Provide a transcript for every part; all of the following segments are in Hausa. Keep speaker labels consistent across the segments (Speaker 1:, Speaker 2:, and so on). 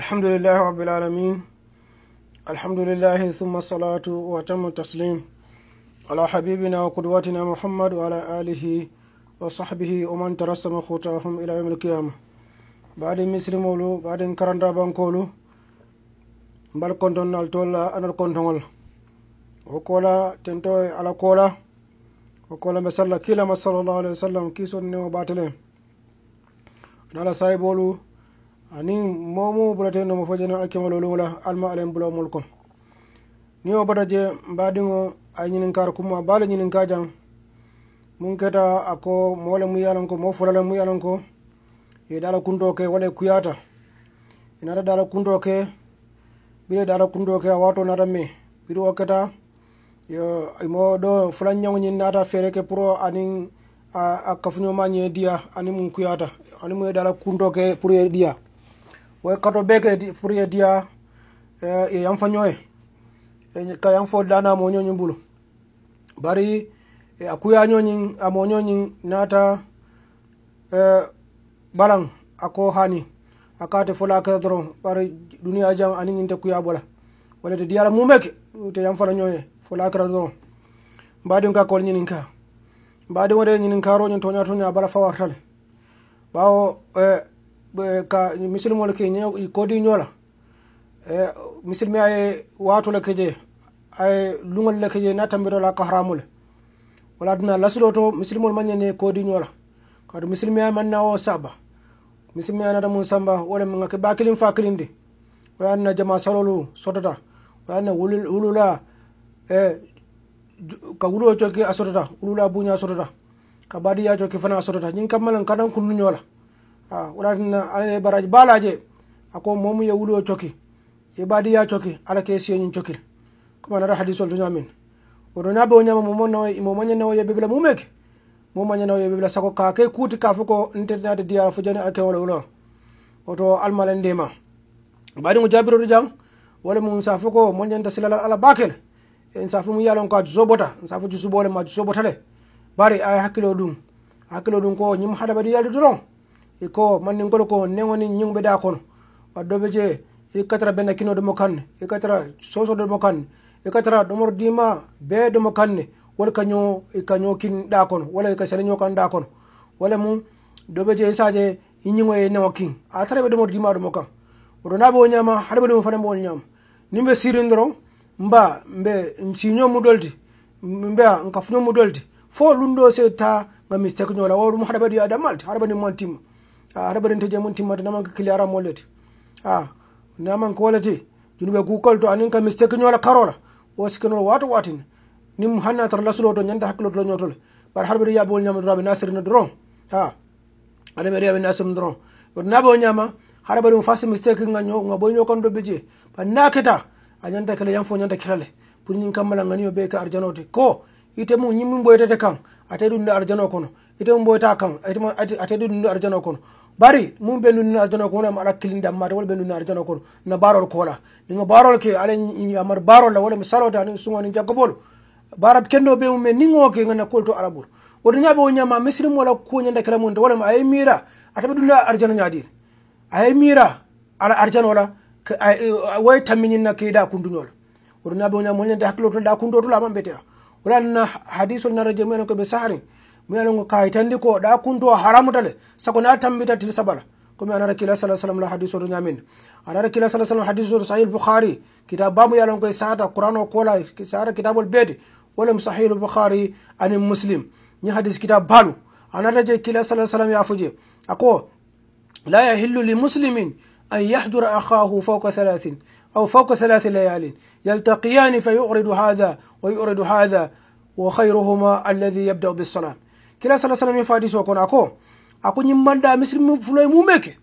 Speaker 1: الحمد لله رب العالمين الحمد لله ثم الصلاة وتم التسليم على حبيبنا وقدوتنا محمد وعلى آله وصحبه ومن ترسم خطاهم إلى يوم القيامة بعد مسلمولو بعد كرن رابانكولو بل كنتون نالتولا أنا الكنتون وكولا تنتوي على كولا وكولا مسلا كلا صلى الله عليه وسلم كيسون نيو باتلين على سايبولو anin momu bulate mo fojeno akema akemo lolumula alma alem alen bulomul ko ni o bata je kar a ñininkar bala baale ka jang mun keta ako mole mu yalan ko mo fula mu yalan ko e dala kundo ke wala kuyata inata dala kundo ke bire dala kundo ke a na nata me biri wo keta yo mo do fulan ñaŋo ñin nata fere ke pro ani a, a ma ñe diya ani mun kuyata ani mu ye dala kundo ke pro dia we kato beke pour ye tiya e yan fa ñoye ka yan fo dana ah, mo ñoñin bulu bari e eh, a kuya a ah, mo ñoñin nata eh, balan ako hani a kate fola kala doron bari duniya jam ani te kuya bola walla te diyala mumeke te yan fana ñoye eh, fola kala doron mbaɗin ka kol ñinin ka mbaɗin waɗe ñinin karoñin toña toña bala fawartale ɓawo eh, Eh, ka misilmol ke kodi ñola e eh, misilme aye watula ke je aye luŋol le ke je na tambitola kahramule wala duna lasulo to misilmol mañene kodi ñola kaatu misilmeya manna wo saba misilmeya nata mun samba wala maŋa ke bakilin fa kilindi wala na jama salolu sotota wala na wulula e eh, ka wuluwo coki a sotota wulula buña sotota ka badiya coki fana a sotota ñiŋ kammalan kanan kunnuñola a wonatana alane baraji baalaje ako momu ye wulio coki ye badiya coki ala ke siyoñin cokil comme anata hadisol to ñamin oɗo naɓe o ñama mo mañanawo ye bebla mumeke mo ye bebla sako ka ke kuuti ka fo ko ntetinade diyala ala kewole wulo oto almalen ndema baɗigo jabiroɗo jang wala mum sa fo moñanta silalal ala bakele en safu mu yalon ko jusobota en safu jusubole ma jusobota bari ay hakkilo ɗum hakkilo ɗum ko ñim haɗaɓaɗi yalde doron iko man manni ngol ko negoni ñingɓe da kono waddoɓe je i katara benda kino ɗomo kanne i katara soso ɗomo kanne i katara ɗomor dima be ɗomo kanne wala kaño kaño kin da kono wala ka sene ño da ɗa kono wala mum doɓe je isaje i ñigo e nego kin a tara ɓe ɗomor dima ɗomo kan oɗo naɓe o ñama haɗa ɓe ɗum fana ɓe on ñama nin ɓe sirin doron mba mbe n siño mu doldi mbeya n kafuño mu doldi fo lunɗo se ta ga mistake ñola wo ɗum haɗa ɓaɗi adamalti haɗa mantima arabarin ah, ta jamun timma na ka kiliara molete a na man junube gukol to anin ka mistake nyola karola o sikanol wato watin nim hanna tar lasulo to nyanda haklo to nyotol bar harbiri ya bol nyama drabe nasir na dron ha ada mere ya nasir na dron na bo nyama harbiri fasi mistake nga nyo nga bo kon do beje ba naketa a kala yan fo nyanta kilale pour nyin kammala ngani be ka arjanote ko ite mu nyimin boyete kan ate dun arjano kono ite mu boyta kan ate ate dun arjano kono bari mun be nun ardana ko ma alakkil nda ma wol be nun ardana ko na barol ko la ni ninga barol ke alen amar barol la wala mi salota ni sungo ni jagobol barab kendo be ni ngo ke ngana ko to arabur wodo nyaɓe o ñama misilim wala kuñande kala mun wala ma aye mira ataɓe ɗum la arjana ñaadin ay mira ala arjana ola way tamini tammiñinna keyda kunduñola wodo naɓe o ñama oñande hakkilo to da kundo to lama mbetea wala na hadithul ol naraje mumen koɓe sahani mi alango kayitandi ko ɗa kunto haramu tale sago na tambita til sabala komi anara kila sa sallam la hadis oto ñamin anara kila sa sallam hadis oto sahih boukhari kitab bamu yalan koye sata qouran o kola sata kitabol beete wolem sahih boukhari anin muslim ñi hadis kitab baalu anata je kila sa sallam yafuje ako la yahillu li muslimin أن يحجر أخاه فوق ثلاث أو فوق ثلاث ليال يلتقيان فيؤرد هذا ويؤرد هذا وخيرهما الذي يبدأ بالصلاة kila sala sala min fadi sokon ako ako nyimmanda misri mu fuloy mu meke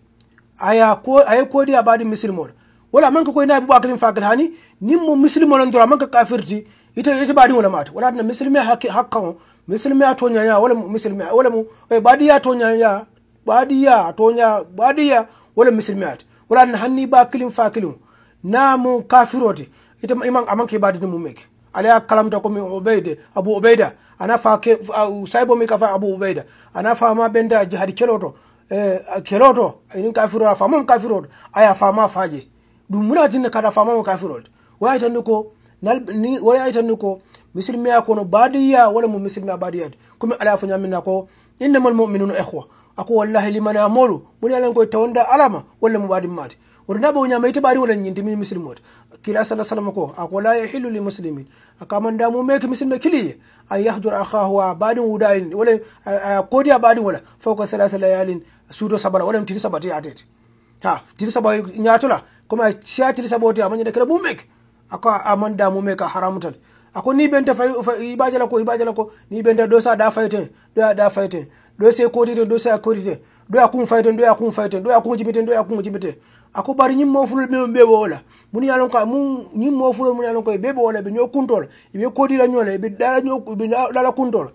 Speaker 1: aya ko aya ko di abadi misri mo wala man ko ina abu akalin fakal hani nimmo misri mo ndura man ka kafirti ita ita badi wala mata wala na misri me hakki hakkan misri me atonya ya wala misri me wala mu eh, badi ya tonya ya badi ya tonya badi ya wala misri me at wala na hanni ba kilin fakilun namu kafirote ita imam amanke badi mu meke alaya kalamta ko min obeide abu obeida ana fa ke uh, saibo mi ka fa abu obeida ana fa ma benda jihad keloto eh, keloto ka firo fa mum firo aya fa ma faje dum muna tinna kada fa ma firo waya tan ko waya tan ko ko kono badiya wala mu misilmiya badiya kuma ala fa nyamin ko innamal mu'minuna ikhwa ako wallahi liman amolu mun yalan ko tawanda alama wala mu badin mati wurna bo nyama ita bari wala nyinti musulmi muslimot kila sallallahu alaihi mako ko akola ya hilu li muslimin akaman da damu me ki muslim kili ay yahdur akhahu abadin wudain a kodi a badin wala fawqa thalath layalin sudo sabara wala tin sabati atet ha tin sabai nyatula kuma sha tin saboti amanya da kala mu mek aka aman da mu haramtal ako ni benta ibajala ko ibajala ko ni benta do sa da fayten do ya da fayten do sai kodite do sai kodite do ya kun fayten do ya kun fayten do ya kun jibiten do ya kun jibiten ako bari ñim mofulol ɓe ɓe wola mun yalon ko mun ñim mofulol mun yalon koye ɓe ɓe wola ɓe ño kuntola ɓe kodila ñola ɓe ɗala ño ɓe ɗala kuntola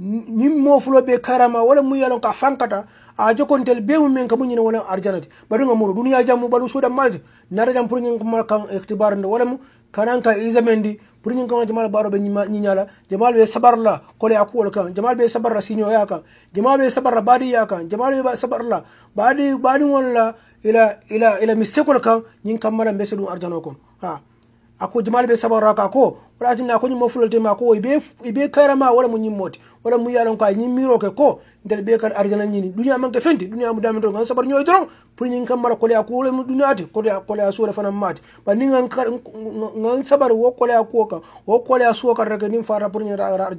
Speaker 1: ñiŋ moofulo be karama wala mu yalon ka fankata a jokontel be mu meŋ ka mu ñina wala arjanati bari ŋa muru duniya jamu balu suda malati nara jam pour ñiŋ kuma kan iktibarnde wala mu kanan ka isamendi pour ñiŋ kama jamal baro be ñiñala jamal be sabar la kole a kuwol kan jamal be sabar la ya kan jamal be sabar la ya kan jamal be sabar la baadi baadiŋol la ila ila ila mistekol kan ñiŋ kammala be se ɗum arjano kon ha ako jamal be sabara raka ko wala na ko mafulalte ma ko kaira karama wala yin moti wala mu yalon ko miro ke ko nder be kar arjana nyini duniya ka fenti duniya mu damin ton an sabar nyoy doron pour nyin kam mara ko kuwole mu duniyati kolea suole fanan maati ba ni kar gan sabar wo kolea ko kan wo kolea suwo kan reke nin fara pour ñin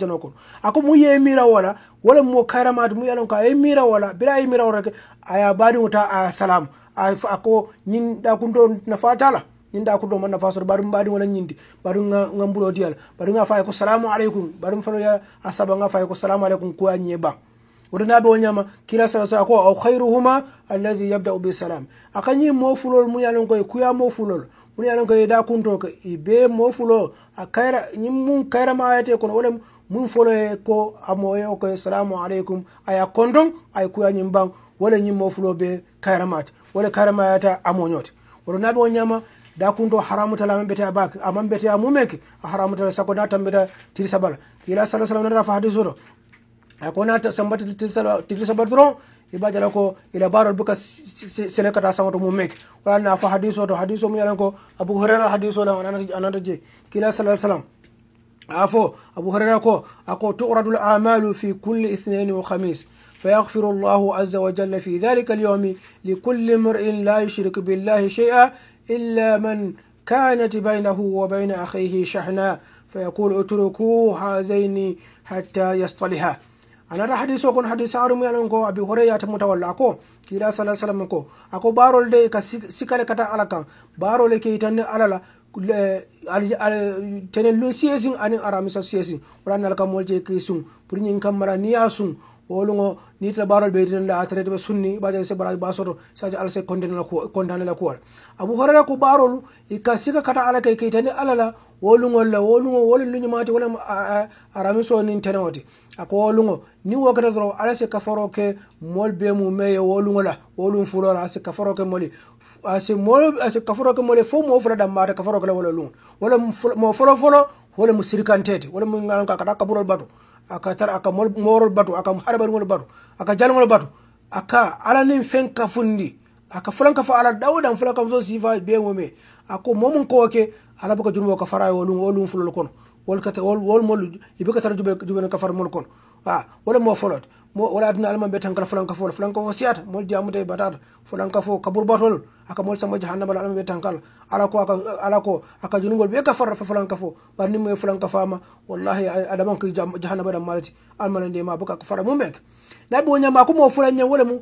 Speaker 1: ko kon ako mu ye mira wala wala kaira ma mu yalon ko aye mira wala bira ye mira a reke aya baɗi ko aya salamu ako ñin na fatala ñinda kuɗo manna fasor badi wala nyindi barum baɗum ga mbuɗotiyal barum nga fay ko salamu alaykum barum fano ya asaba nga fay ko salamu alaykum ko a ñe ban wotanaɓe o ñama kila sala sala ko aw yabda bi salam akanyi mo fulol mu yalon koy kuya fulol mun yalon koy da kunto ko ibe fulo a kayra mun kaira ma ayate kono wala mun fulo ko amoyo ko salamu alaykum aya kondon ay kuyañim ban wala mo fulo be kayramate wala kayramayata n'a be o nyama. da kun do haramu tala man bete abak aman bete amumeke haramu tala sako da tambe da tirsabal kila sallallahu alaihi wasallam fa hadisu do akona ta sambata tirsabal bala dron iba jala ko ila barol buka sele kata sangoto mumeke wala na fa hadisu to hadisu mu yalan ko abu hurairah hadisu la anana je kila sallallahu alaihi wasallam عفو أبو هريرة كو أكو تؤرد الأعمال في كل اثنين وخميس فيغفر الله عز وجل في ذلك اليوم لكل امرئ لا يشرك بالله شيئا إلا من كانت بينه وبين أخيه شحنا فيقول اتركوا هذين حتى يصطلها ana ta A kon hadis aru mu ko a hore ya ta muta ko kila sallallahu alaihi wasallam ko ako barol de ka sikale kata alaka barol ke tan alala tenen lun anin aramisa siyesin wala nalka molje kisun purnyin kamara wolungo ni ta barol be tan la atare be sunni ba se baraji ba soro saje alse condamne la ko condamne la ko abu i ka barol kata ala kai kai tani alala wolungo la wolungo wolun lunyi mati wala aramiso nin ko ako ni wakata doro ala se kafaro ke mol be mu meye wolungo la wolun fulo la se kafaro ke moli ase mol ase kafaro ke moli fo mo fura da kafaro ke wala lungo wala mo wala mun ngalon kata kaburol bato aka tar aka morol batu aka harbargol batu aka jalgol batu aka alanin fen kafundi aka fulanka fo ala dawdan fulanka fo sifa beŋo me ako momun kowoke ala boka junumo ka fara wolum wolum fulol kono wol kata wol wol mol ibe ka tara jube jube ka far mol kono a wala mo folot mo wala aduna alman be tankala fulankafo la fulankafo siyata mol diyamuta e batata fulankafo ka burbatol aka mol sama jahannama la alama be tankala ala ko ala ko aka junugol ɓe ka farra fa fulankafo mo nimmo e fulankafama wallahi adaman ko jahannama ɗam malati alama de almana ndema boka ko fara mumɓeke naɓe o ñamma ko mo fulanñam wole mum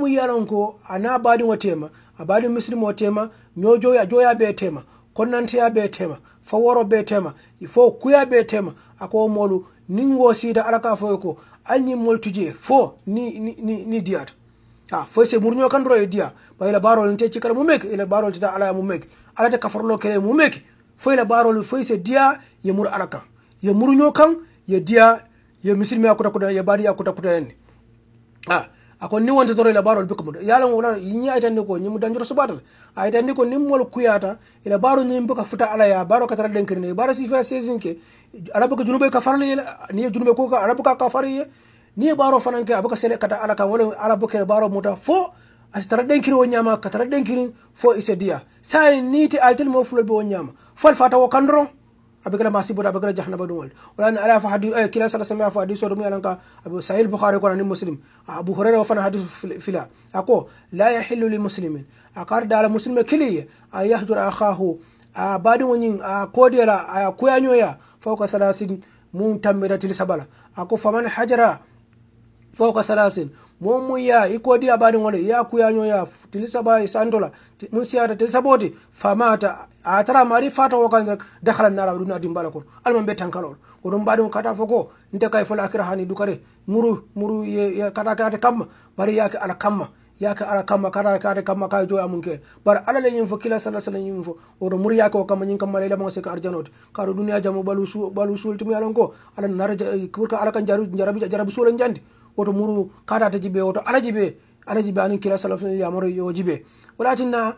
Speaker 1: mu yalon ko ana baɗin wa tema a baɗin misrima o tema ño joya joya ɓe tema konnanteya ɓe tema faworo ɓe tema fo kuya ɓe tema ako molu ningo sida alaka fo ko anyi multije fo ni ni ni, ni diyata ha foy se murnyo kan e diya ba ila barol te cikala mu meke ila barol ta ala mu meke ala te kafarlo kele mu meke foy ila barol fo se diya ye mur alaka ye murnyo kan ye diya ye misilme akuta kuta ye bari akuta kuta en ha akon ni wonte toro ila barol bikum yala wala yinya aytande ko mu danjuro subatal ni ko nimmol kuyata ila baro ni mbuka futa ala ya baro katara denkirne baro si fa sezinke arabu ka junube ka farle ni junube ko ka arabu ka kafari ni baro fananke abuka sele kata ala kan wala arabu ke baro muta fo asitara denkri wo nyama katara denkri fo isedia sai ni ti altel mo fulo be wo nyama fal fata wo kandron abekela masiboto abekela jahanaba ɗumol wala ala fo hadi eh, kila sala sami a fo hadis oto muyalan ka sahil bouhari konani muslim abou hurara o fana hadis fila ako la yahillu li muslimin a karda ala muslime kiliye a yahdura akahu a baɗimo ñin a kodiyala a kuyañoya fawka salasin mum tammiratil sabala ako faman hajara fawka salasin mo mun ya i di abarin wala ya kuyaño ya tilisa ba santola mun siya siyata te saboti famata a tara mari fata wokan dakhala nara ɗum na dimbala kon alman be tankalol ko ɗum mbaɗi on kata fo ko nte kay fol akira hani dukare muru muru ya kata kate kamma bari ya ka ala kamma ka ala kamma kata kate kamma kay joya mun ke bari ala le ñin fo kila sala sala ñin fo ya muru yake o kamma ñin kamma se ka sika arjanote kaɗo duniya jamu balu balu suultimi alon ko ala nara pour eh, ala kan jarabi jarabi suulen jandi woto muru ta jibe woto ala jibe ala jibe anin kila sallallahu alaihi wasallam yamaro yo jibe a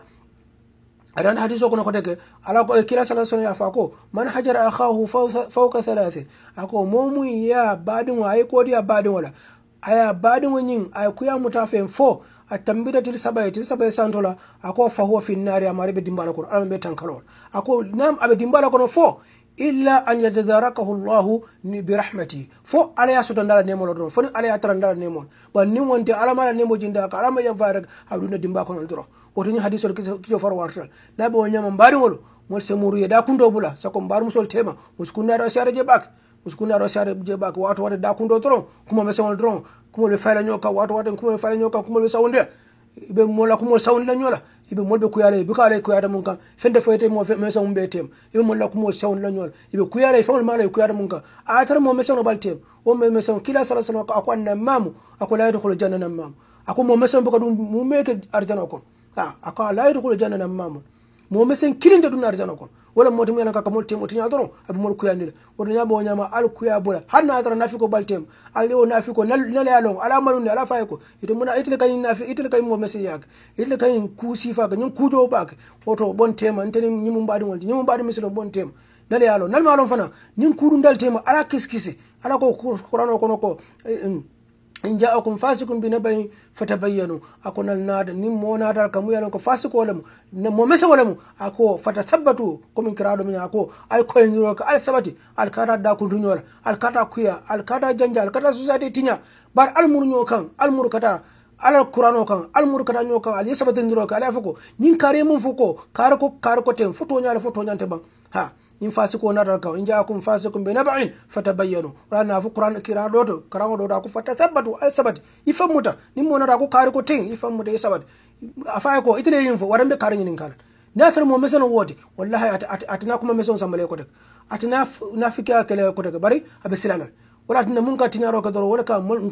Speaker 1: adan hadiso kono ko deke ala ko eh, kila sallallahu alaihi ya fa ko man hajara akhahu fawqa thalath ako momu ya badin wa ay kodi ya badin wala aya badin wonyin ay kuya mutafen fo a tambita til sabaye til sabaye santola ako fahuwa finnari amari be dimbala kono ala be tankalol ako nam abe dimbala kono fo illa an yatadarakahu allah bi rahmati fo ala ya soto ndala nemol ɗon foni ala ya tara ndala nemol ɓa nin wonte alamala nemo jinda ka alama yan fayata ha ɗum ɗo dimba konon doro wotoñi hadisol kijo faro wartal naɓe o ñama mbaɗigol mon semuru yeda kundo bula sako mbar musol tema muskunnaɗo sare je ɓak muskunnaɗo sare je ɓak wato wata da kundo doron kumolɓe sewol kuma kumolɓe fayla ñoka wato kuma kumolɓe fayla ñoka kumolɓe sawondiya be mola kumol sawndila ñola yiɓe molɓe kuyala ɓe bika ala kuyada mum kan fende foyte mo mesan mum ɓe tem yiɓe molla kumo sewn lañol yiɓe kuyala fewno mala kuyada mum kan atarmo mesan o ɓal tem o mesan kila sala salam ako annan mamu ako layi tokolo jannanan mamu ako mo mesan boka ɗum mumeke arjana kon a ako a layi tokolo jannanan mamu momi sen kilinde ɗum nardano kon wala mo temuyalan kaka mol tem o teñal doron abi mol kuyandila woto ñama o ñama alkuya bola han natara nafi ko bal tem alle o nafi ko naleyalong ala malunde ala fayi ko ite mona itele kañi nafi itele kañi mo mesin yaake itele kañi kuusifaka ñum kuujowo ɓaake woto bon tema ntene ñimu mbaɗi wonte ñimu mbaɗi misilo bon tema naleyalo nalmalon fana ñin kuuɗu ndal tema ala kiskise ala ko kurano kono ko eh, eh, in akun fasikun bi na bai fata bayyano fatabayyanu na nada nin mo nada kamu yalan ko fasiku wala mu mo mesa wala mu ako sabbatu ko min kirado min ako ay ko en ka al sabati al kata da kun dunyo al kata kuya al kata janja al kata society tinya bar al murnyo kan al murkata al qur'ano kan al murkata nyo kan al sabati ndiro ka ala fuko nyin kare mun fuko kare ko kare ko ten foto nya al foto nya te ban ha in fasiko na ranka in ja kun fasikun bi naba'in fatabayyanu rana fu qur'an kira doto karango do da ku fata sabbatu al sabat ifan muta nin mona da ku kari ko tin ifan muta sabat afa ko itile yin fo warambe karin nin na sar mo mesan wodi wallahi atina kuma mesan samale ko tak atina na nafika kala ko tak bari abe wala tinna mun tina ro ka doro wala ka mun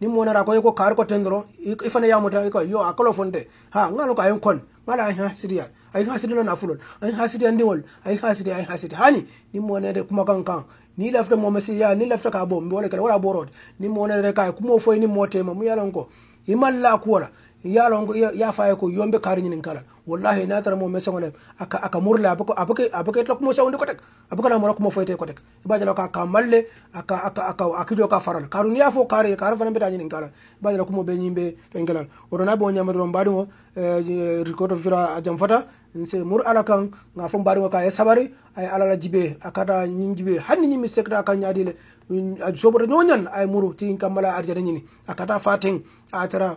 Speaker 1: ni mona ra ko ko kar ko tendoro ifana ya mota ko yo akolo fonde ha ngalo ka ayon kon ngala ha sidiya ay ha sidiya na fulol ay ha sidiya ndi wol ay ha sidiya ay ha sidiya hani ni mona de kuma kan kan ni lafta mo masi ya ni lafta ka bom wala kala wala borod ni mona de ka kuma foy ni mote mu yalan ko imalla kuwala yalongo ya faye ko yombe kari ñinin kala wallahi na tara mo mesa ngone aka aka murla abako abake abake tok mo sawndi ko tek abako na mo ko mo foyte ko tek ibadala ka ka malle aka aka aka akijo ka faral karun ya fo kare kar fana beta ñinin kala ibadala ko mo be ñimbe to ngelal wodo na bo ñamado mbadi ngo eh, record fira ajam fata nse mur ala kan nga fo mbadi ngo ka e sabari ay alala jibe akata ñin jibe hanni ñimi sekta kan ñadile soboto ñoñan ay muru tin kamala arjana ñini akata faten atara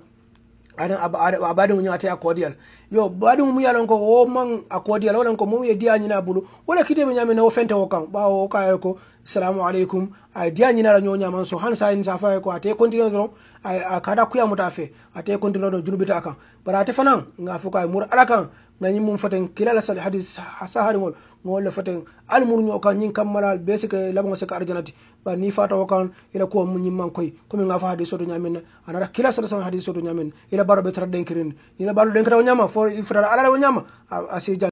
Speaker 1: aran abadin mu nyata cordial yo badin mu yalon ko o man a cordial wala ko mu ye dia nyina bulu wala kite be nyame na ofente wo kan ba wo ka ko assalamu alaikum a dia nyina la nyonya man so han sa in safa ko ate continue dron a kada kuya mutafe ate continue dron junubita akan bara ate fanan nga fuka mur alakan ngani mum faten kilala sal hadis sahari ngol ngol fatin al murnyo kan kam kammala be sike lamo sike arjanati ba ni fata wakan ila ko mun nyimman koy ko ngafa hadis do nyamen anara kila sal sal hadis do nyamen ila baro be tra den ila baro den kra nyama fo ifra ala nyama asi